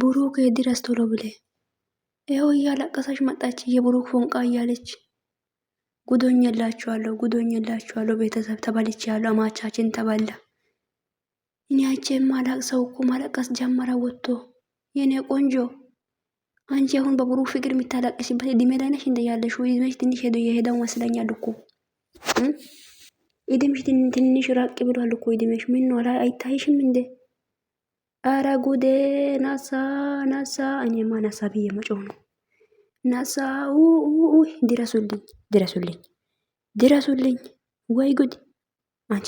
ብሩክ እድር አስተውሎ ብለ ይኸው እያለቀሰች መጣች። የብሩክ ፎንቃ እያለች ጉዶኝ የላችኋለሁ፣ ጉዶኝ የላችኋለሁ፣ ቤተሰብ ተበልቼ ያለው አማቻችን ተበላ። እኔ ያቼ ማላቅ ሰው እኮ ማለቀስ ጀመረ ወጥቶ። የኔ ቆንጆ አንቺ አሁን በብሩክ ፍቅር የሚታላቅሽበት እድሜ ላይ ነሽ እንደ ያለሽ እድሜሽ ትንሽ ሄዶ የሄደው መስለኛል እኮ እድሜሽ ትንሽ ራቅ ብሏል እኮ እድሜሽ ምን ነው አይታይሽም እንዴ? አረ ጉዴ ናሳ ናሳ። እኔማ ናሳ ብዬ መጮህ ነው። ናሳ ድረሱልኝ፣ ድረሱልኝ፣ ድረሱልኝ። ወይ ጉድ! አንቺ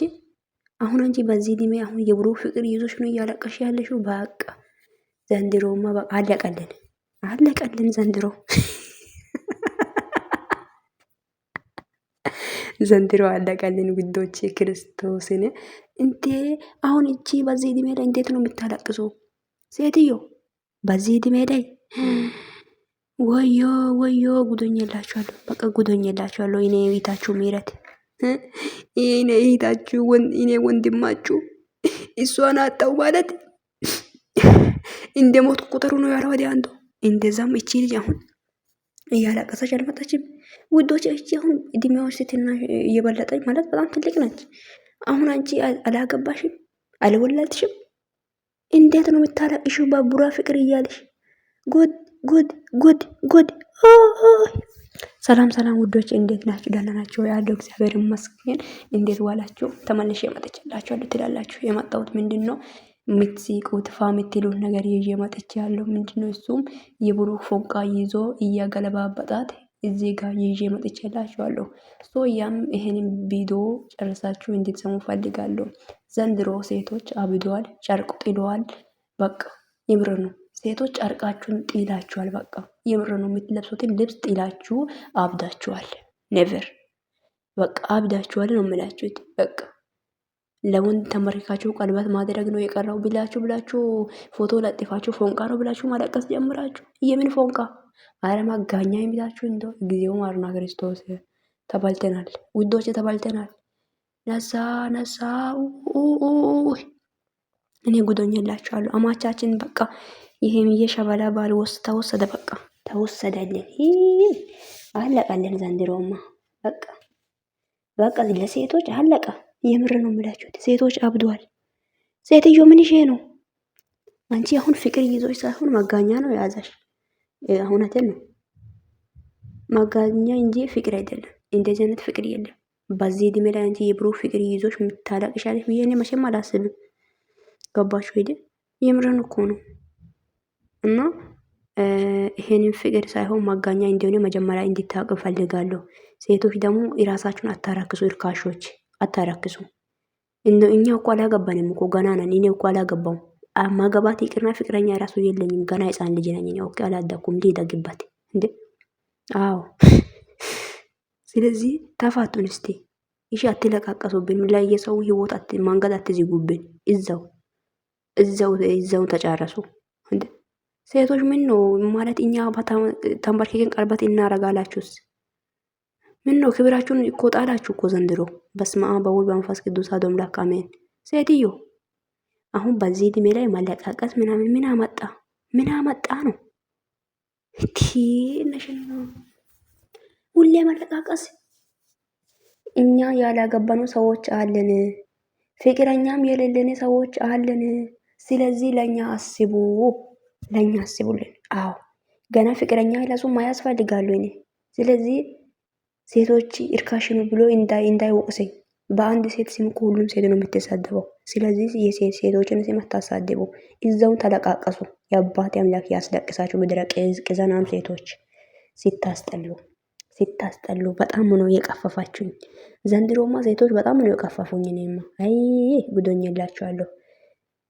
አሁን አንቺ በዚህ ድሜ አሁን የብሩክ ፍቅር ይዞሽ ነው እያለቀሽ ያለሽው። በቃ ዘንድሮማ አለቀልን፣ አለቀልን ዘንድሮ ዘንድሮ አለቀልን ውዶቼ ክርስቶስን እንዴ አሁን እቺ በዚህ እድሜ ላይ እንዴት ነው የምታለቅሱ ሴትዮ? በዚህ እድሜ ላይ ወዮ ወዮ ጉዶኝ በቃ ጉዶኝ የላችኋለሁ። እኔ እህታችሁ ምህረት፣ እኔ እህታችሁ፣ እኔ ወንድማችሁ እሷን አጣው ማለት እንደ ሞት ቁጥሩ ነው ያለ ወዲያ አንዱ እንደዛም እቺ ልጅ አሁን እያለቀሰች አልመጣችም ውዶች። እቺ አሁን እድሜዎች ሴትና እየበለጠች ማለት በጣም ትልቅ ነች። አሁን አንቺ አላገባሽም አልወለድሽም። እንዴት ነው የምታለቅሽው? ባቡራ ፍቅር እያለሽ ጉድ ጉድ ጉድ ጉድ። ሰላም ሰላም ውዶች እንዴት ናችሁ? ደህና ናችሁ? ያለው እግዚአብሔር ይመስገን። እንዴት ዋላችሁ? ተመልሼ መጥቻላችኋለሁ። ትላላችሁ የመጣሁት ምንድን ነው የምትስቁት ፋ የምትሉት ነገር ይዤ መጥቼ ያለው ምንድን ነው? እሱም የብሩክ ፎንቃ ይዞ እያገለባበጣት እዚህ ጋር ይዤ መጥቼላችኋለሁ። ሶ ያም ይሄንን ቪዲዮ ጨርሳችሁ እንድትሰሙ ፈልጋለሁ። ዘንድሮ ሴቶች አብደዋል፣ ጨርቅ ጥለዋል። በቃ ይምር ነው። ሴቶች ጨርቃችሁን ጥላችኋል። በቃ ይምር ነው። የምትለብሱትን ልብስ ጥላችሁ አብዳችኋል። ኔቨር በቃ አብዳችኋል ነው የምላችሁት። በቃ ለወንድ ተመርካችሁ ቀለበት ማድረግ ነው የቀረው ብላችሁ ብላችሁ ፎቶ ለጥፋችሁ ፎንቃ ነው ብላችሁ ማለቀስ ጀምራችሁ። የምን ፎንቃ ማጋኛ የሚላችሁ እንደ እግዚኦ ማርና ክርስቶስ ተባልተናል፣ ውዶች ተባልተናል። ነሳ ነሳ እኔ ጉዶኝ አማቻችን በቃ ይሄም የሸበላ ባል ተወሰደ፣ በቃ ተወሰደልን፣ አለቀልን። ዘንድሮማ በቃ በቃ ለሴቶች አለቀ። የምር ነው የምላችሁት፣ ሴቶች አብዷል። ሴትዮ ምን ይሄ ነው? አንቺ አሁን ፍቅር ይዞች ሳይሆን መጋኛ ነው የያዘሽ። እውነትን ነው። መጋኛ እንጂ ፍቅር አይደለም። እንደዚህ አይነት ፍቅር የለም። በዚህ እድሜ ላይ አንቺ የብሩ ፍቅር ይዞች የምታላቅሻለሽ ብዬ እኔ መቼም አላስብም። ገባሽ ሄደ የምርን እኮ ነው እና ይሄንን ፍቅር ሳይሆን ማጋኛ እንዲሆነ መጀመሪያ እንዲታወቅ እፈልጋለሁ። ሴቶች ደግሞ የራሳችሁን አታራክሱ፣ እርካሾች አታራክሱ። እኛ እኮ አላገባንም እኮ ገና ነን። እኔ እኮ አላገባውም። ማገባት ይቅርና ፍቅረኛ ራሱ የለኝም። ገና ህፃን ልጅ ነኝ። ኦኬ አላደኩም። ሊደግበት እንዴ? አዎ። ስለዚህ ተፋቱን እስቲ እሺ። አትለቃቀሱብን። ላይ የሰው ህይወት መንገድ አትዝጉብን። እዛው እዛው እዛው ተጫረሱ እንዴ ሴቶች ምን ነው ማለት እኛ ተንበርክከን ቀርበት እናረጋላችሁስ? ምን ነው ክብራችሁን እኮ ጣላችሁ እኮ ዘንድሮ። በስመ አብ ወወልድ ወመንፈስ ቅዱስ አሐዱ አምላክ አሜን። ሴትዮ አሁን በዚህ እድሜ ላይ መለቃቀስ ምናምን ምን አመጣ ምን አመጣ ነው ትንሽን ሁሌ መለቃቀስ። እኛ ያላገባኑ ሰዎች አለን፣ ፍቅረኛም የሌለን ሰዎች አለን። ስለዚህ ለእኛ አስቡ፣ ለእኛ አስቡልን። አዎ ገና ፍቅረኛ ይላሱ ማያስፈልጋሉ እኔ ስለዚህ ሴቶች እርካሽኑ ብሎ እንዳይወቅሰኝ። በአንድ ሴት ስም ሁሉም ሴት ነው የምትሳደበው። ስለዚህ የሴት ሴቶችን የማታሳድቡ እዛውን ተለቃቀሱ። የአባት አምላክ ያስለቅሳችሁ። ምድረ ቅዘናም ሴቶች ሲታስጠሉ ሲታስጠሉ በጣም ነው የቀፈፋችሁኝ። ዘንድሮማ ሴቶች በጣም ነው የቀፈፉኝ። እኔማ አይ ጉዶኝላችኋለሁ።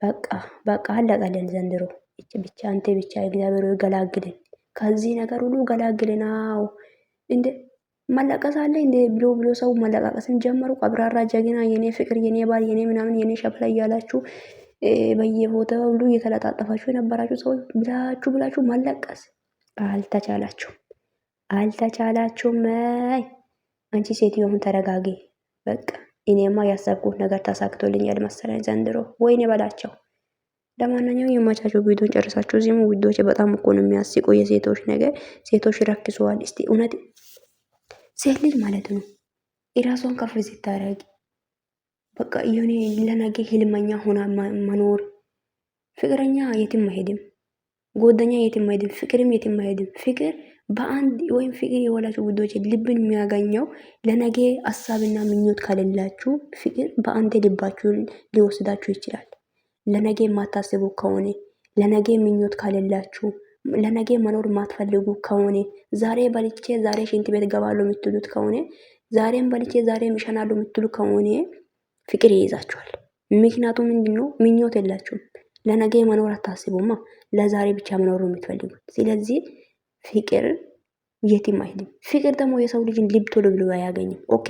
በቃ በቃ አለቀልን ዘንድሮ። ብቻ አንተ ብቻ እግዚአብሔር ገላግልን፣ ከዚህ ነገር ሁሉ ገላግልን። አዎ እንዴ መለቀሳለኝ እንደ ብሎ ብሎ ሰው መለቃቀስን ጀመሩ። ቀብራራ ጀግና፣ የኔ ፍቅር፣ የኔ ባል፣ የኔ ምናምን፣ የኔ ሸፍላ እያላችሁ በየቦታው ሁሉ እየተለጣጠፋችሁ የነበራችሁ ሰዎች ብላችሁ ብላችሁ መለቀስ አልተቻላችሁም፣ አልተቻላችሁም። አንቺ ሴትዮ አሁን ተረጋጊ። በቃ እኔማ ያሰብኩት ነገር ተሳክቶልኛል መሰለኝ ዘንድሮ። ወይኔ በላቸው። ለማንኛውም የማቻቸው ቪዲዮን ጨርሳችሁ እዚህም ውዶች፣ በጣም እኮ ነው የሚያስቀው የሴቶች ነገር። ሴቶች ረክሰዋል። እስቲ እውነት ሴት ልጅ ማለት ነው የራሷን ከፍ ስታደርግ በቃ የሆነ ለነገ ህልመኛ ሆና መኖር። ፍቅረኛ የትም አይሄድም፣ ጎደኛ የትም አይሄድም፣ ፍቅርም የትም አይሄድም። ፍቅር በአንድ ወይም ፍቅር የወላችሁ ውዶች ልብን የሚያገኘው ለነገ ሀሳብና ምኞት ከሌላችሁ ፍቅር በአንድ ልባችሁን ሊወስዳችሁ ይችላል። ለነገ የማታስቡ ከሆነ ለነገ ምኞት ከሌላችሁ ለነገ መኖር ማትፈልጉ ከሆነ ዛሬ በልቼ ዛሬ ሽንት ቤት ገባለሁ የምትሉት ከሆነ ዛሬም በልቼ ዛሬ ይሸናሉ የምትሉ ከሆነ ፍቅር ይይዛችኋል። ምክንያቱም ምንድነው ምኞት የላችሁም። ለነገ መኖር አታስቡማ። ለዛሬ ብቻ መኖር የምትፈልጉ። ስለዚህ ፍቅር የትም አይሄድም። ፍቅር ደግሞ የሰው ልጅን ልብ ቶሎ ብሎ አያገኝም። ኦኬ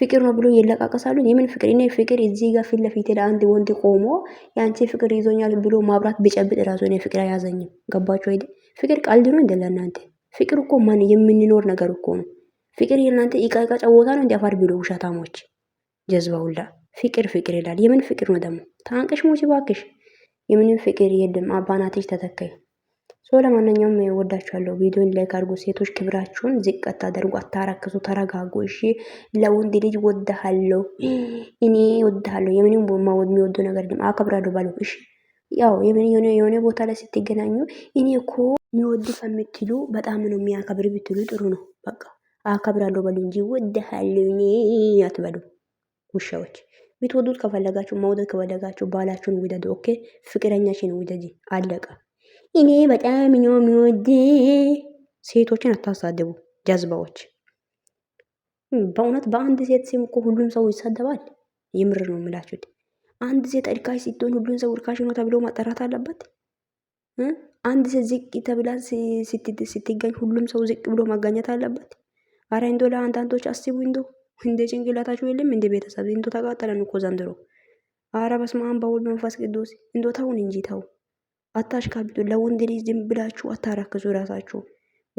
ፍቅር ነው ብሎ ይለቃቀሳሉ። የምን ፍቅር? እኔ ፍቅር እዚህ ጋር ፊት ለፊት አንድ ወንድ ቆሞ የአንቺ ፍቅር ይዞኛል ብሎ ማብራት ቢጨብጥ ራሱ እኔ ፍቅር አያዘኝም። ገባችሁ አይደል? ፍቅር ቀልድ ነው እንደ ፍቅር እኮ ማን የምንኖር ነገር እኮ ነው። ፍቅር የእናንተ እቃ እቃ ጨዋታ ነው። እንደ አፋር ቢሉ ውሸታሞች ጀዝባ ሁላ ፍቅር ፍቅር ይላል። የምን ፍቅር ነው ደግሞ? ታንቀሽ ሞች ባክሽ። የምንም ፍቅር የለም። አባናትሽ ተተካይ ሰው ለማንኛውም ወዳችኋለሁ። ቪዲዮን ላይክ አድርጉ። ሴቶች ክብራችሁን ዝቅ አታደርጉ፣ አታረክሱ፣ ተረጋጉ። እሺ ለወንድ ልጅ ወድሃለሁ፣ እኔ ወድሃለሁ የምንም የሚወዱ ነገር ግን አከብራለሁ ባለው እሺ ያው የምን የሆነ የሆነ ቦታ ላይ ስትገናኙ እኔ እኮ የሚወድ ከምትሉ በጣም ነው የሚያከብር ብትሉ ጥሩ ነው። በቃ አከብራለሁ በሉ እንጂ ወድሃለሁ እኔ አትበሉ። ውሻዎች ብትወዱት ከፈለጋችሁ መውደድ ከፈለጋችሁ ባላችሁን ውደዱ። ኦኬ ፍቅረኛችን ውደጂ። አለቀ። እኔ በጣም ነው የሚወድ። ሴቶችን አታሳድቡ ጀዝባዎች። በእውነት በአንድ ሴት ስም እኮ ሁሉም ሰው ይሳደባል። የምር ነው የምላችሁት። አንድ ሴት እርካሽ ስትሆን ሁሉም ሰው እርካሽ ነው ተብሎ ማጠራት አለበት? አንድ ሴት ዝቅ ተብላ ስትገኝ ሁሉም ሰው ዝቅ ብሎ ማጋኘት አለበት? አረ እንዶ ለአንዳንዶች አስቡ እንዶ እንደ ጭንቅላታችሁ የለም እንደ ቤተሰብ እንዶ ተቃጠለን እኮ ዘንድሮ። አረ በስመ አብ በወልድ ቅዱስ እንዶ ተውን እንጂ ተው። አታሽካብዱ። ለወንድ ልጅ ዝም ብላችሁ አታረክሱ ራሳችሁ።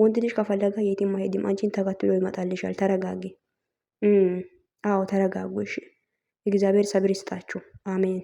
ወንድ ልጅ ከፈለገ የትም አይሄድም፣ አንቺን ተከትሎ ይመጣልሻል። ተረጋጊ። አዎ ተረጋጉ። እሺ፣ እግዚአብሔር ሰብር ይስጣችሁ። አሜን።